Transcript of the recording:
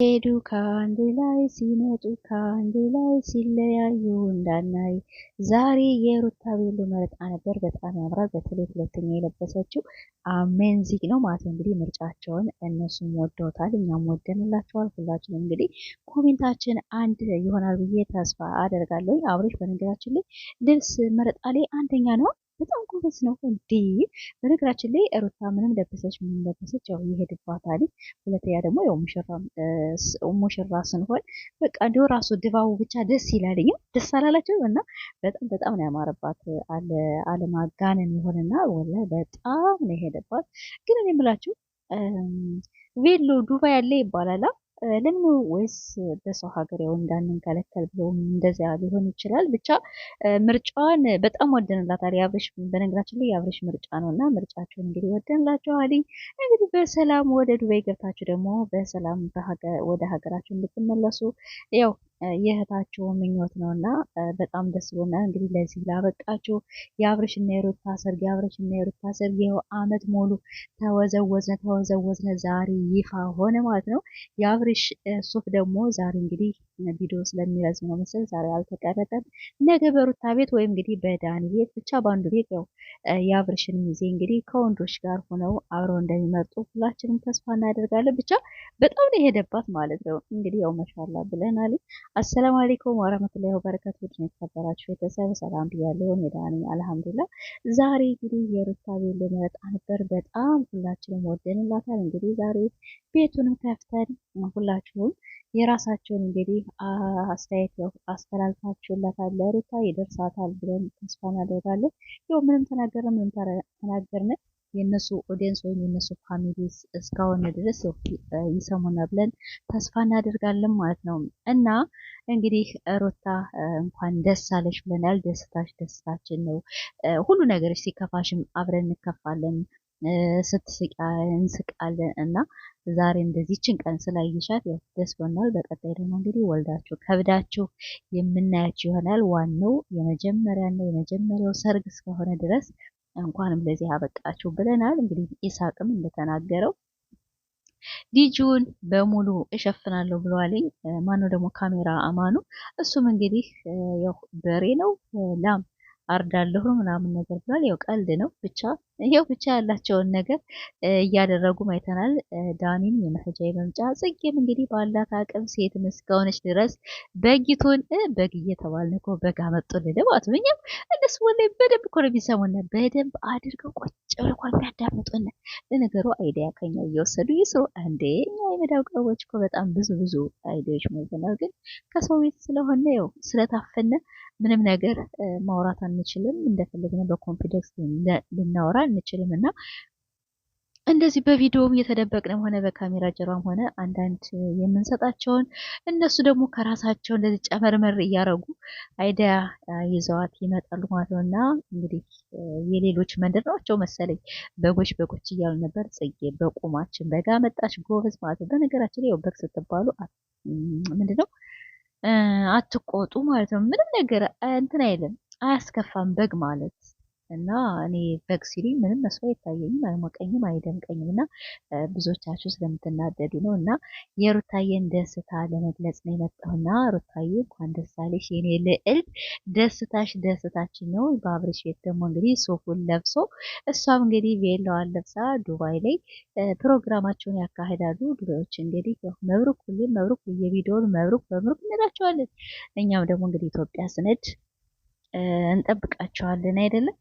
ሄዱ ከአንድ ላይ ሲመጡ ከአንድ ላይ ሲለያዩ እንዳናይ። ዛሬ የሩታ ቤሎ መረጣ ነበር። በጣም ያምራል። በተለይ ሁለተኛ የለበሰችው አሜንዚግ ነው ማለት ነው። እንግዲህ ምርጫቸውን እነሱም ወደውታል፣ እኛም ወደንላቸዋል። ሁላችንም እንግዲህ ኮሜንታችን አንድ ይሆናል ብዬ ተስፋ አደርጋለሁ። አብሬሽ በነገራችን ላይ ልብስ መረጣ ላይ አንደኛ ነው። በጣም ጎበዝ ነው እንዴ! በነገራችን ላይ ሩታ ምንም ለበሰች ምንም ለበሰች ያው ይሄድባታል። ሁለተኛ ደግሞ ያው ሙሽራ ስንሆን በቃ እንዲሁ ራሱ ድባቡ ብቻ ደስ ይላልኝ። ደስ አላላቸው እና በጣም በጣም ነው ያማረባት። አለማጋነን ይሆንና ወላሂ በጣም ነው የሄደባት። ግን እኔ የምላችሁ ቬሎ ዱባይ ያለ ይባላል ልም ወይስ በሰው ሀገር ያው እንዳንንከለከል ብለውም እንደዚያ ሊሆን ይችላል። ብቻ ምርጫዋን በጣም ወደንላታል። የአብርሽ በነገራችን ላይ የአብርሽ ምርጫ ነው እና ምርጫቸውን እንግዲህ ወደንላቸዋል። እንግዲህ በሰላም ወደ ዱባይ ገብታችሁ ደግሞ በሰላም ወደ ሀገራችሁ እንድትመለሱ ያው የእህታችሁ ምኞት ነው እና በጣም ደስ ብሎናል። እንግዲህ ለዚህ ላበቃችሁ የአብርሽና የሩታ ሰርግ የአብርሽና የሩታ ሰርግ ይኸው አመት ሙሉ ተወዘወዝነ ተወዘወዝነ ዛሬ ይፋ ሆነ ማለት ነው። የአብርሽ ሱፍ ደግሞ ዛሬ እንግዲህ ቪዲዮ ስለሚረዝም ነው መሰል ዛሬ አልተቀረጠም። ነገ በሩታ ቤት ወይም እንግዲህ በዳኒ ቤት ብቻ በአንዱ ቤት ያው የአብርሽን ሚዜ እንግዲህ ከወንዶች ጋር ሆነው አብረው እንደሚመርጡ ሁላችንም ተስፋ እናደርጋለን። ብቻ በጣም ነው የሄደባት ማለት ነው። እንግዲህ ያው መሻላ ብለናል። አሰላሙ አሌይኩም ወረህመቱላሂ ወበረካቱ። ውድ የተከበራችሁ ቤተሰብ ሰላም ብያለሁ። የዳኒ አልሐምዱሊላህ። ዛሬ እንግዲህ የሩታ ቤት ልንመጣ ነበር። በጣም ሁላችንም ወደንላታል። እንግዲህ ዛሬ ቤቱን ከፍተን ሁላችሁም የራሳቸውን እንግዲህ አስተያየት አስተላልፋችሁላታል። ለሩታ ይደርሳታል ብለን ተስፋ እናደርጋለን። ያው ምንም ተናገርን ምንም ተናገርን የእነሱ ኦዲየንስ ወይም የእነሱ ፋሚሊ እስካሁን ድረስ ይሰሙና ብለን ተስፋ እናደርጋለን ማለት ነው። እና እንግዲህ ሩታ እንኳን ደስ አለሽ ብለናል። ደስታሽ ደስታችን ነው። ሁሉ ነገርሽ ሲከፋሽም አብረን እንከፋለን፣ ስትስቂ እንስቃለን እና ዛሬ እንደዚችን ቀን ስላየሻት ያው ደስ ብሎናል። በቀጣይ ደግሞ እንግዲህ ወልዳችሁ ከብዳችሁ የምናያችሁ ይሆናል። ዋናው የመጀመሪያና የመጀመሪያው ሰርግ እስከሆነ ድረስ እንኳንም ለዚህ አበቃችሁ ብለናል። እንግዲህ ኢሳቅም እንደተናገረው ዲጂውን በሙሉ እሸፍናለሁ ብለዋልኝ። ማነው ደግሞ ካሜራ አማኑ። እሱም እንግዲህ ያው በሬ ነው ላም አርዳለሁ ምናምን ነገር ብሏል። ያው ቀልድ ነው ብቻ ይሄው ብቻ ያላቸውን ነገር እያደረጉ ማይተናል። ዳኒም የመሄጃ የመምጫ ጽጌም እንግዲህ ባላት አቅም ሴት እስከሆነች ድረስ በጊቱን በግ እየተባልን እኮ በግ አመጡልን ማለት ነው። እነሱ ወላሂ በደንብ እኮ ነው የሚሰሙን፣ በደንብ አድርገው ቆጭ ብለው እኮ የሚያዳምጡን። ለነገሩ አይዲያ ከኛ እየወሰዱ ይስሩ እንዴ። እኛ የመዳብ ቀቦች እኮ በጣም ብዙ ብዙ አይዲያዎች ሞልተናል፣ ግን ከሰው ቤት ስለሆነ ያው ስለታፈነ ምንም ነገር ማውራት አንችልም። እንደፈለግነ በኮንፊደንስ ልናወራ አንችልም እና እንደዚህ በቪዲዮም እየተደበቅንም ሆነ በካሜራ ጀርባም ሆነ አንዳንድ የምንሰጣቸውን እነሱ ደግሞ ከራሳቸው እንደዚህ ጨመርመር እያረጉ አይዲያ ይዘዋት ይመጣሉ ማለት ነው እና እንግዲህ የሌሎች መንደር ናቸው መሰለኝ በጎች በጎች እያሉ ነበር። ጽጌ በቁማችን በጋ መጣች ጎበዝ ማለት ነው። በነገራችን ላይ በግ ስትባሉ ምንድን ነው አትቆጡ ማለት ነው። ምንም ነገር እንትን አይልም አያስከፋም በግ ማለት እና እኔ በግ ሲሉኝ ምንም መስሎ አይታየኝም፣ አይሞቀኝም፣ አይደምቀኝም እና ብዙዎቻችሁ ስለምትናደዱ ነው እና የሩታዬን ደስታ ለመግለጽ ነው የመጣሁና ሩታዬ እንኳን ደስ አለሽ የኔ ልዕልት፣ ደስታሽ ደስታችን ነው። በአብርሽ ቤት ደግሞ እንግዲህ ሱፉን ለብሶ እሷም እንግዲህ ቬላዋን ለብሳ ዱባይ ላይ ፕሮግራማቸውን ያካሄዳሉ። ዱባዮች እንግዲህ ያው መብሩክ፣ ሁሌም መብሩክ፣ የቪዲዮን መብሩክ በምሩክ እንላቸዋለን። እኛም ደግሞ እንግዲህ ኢትዮጵያ ስነድ እንጠብቃቸዋለን አይደለም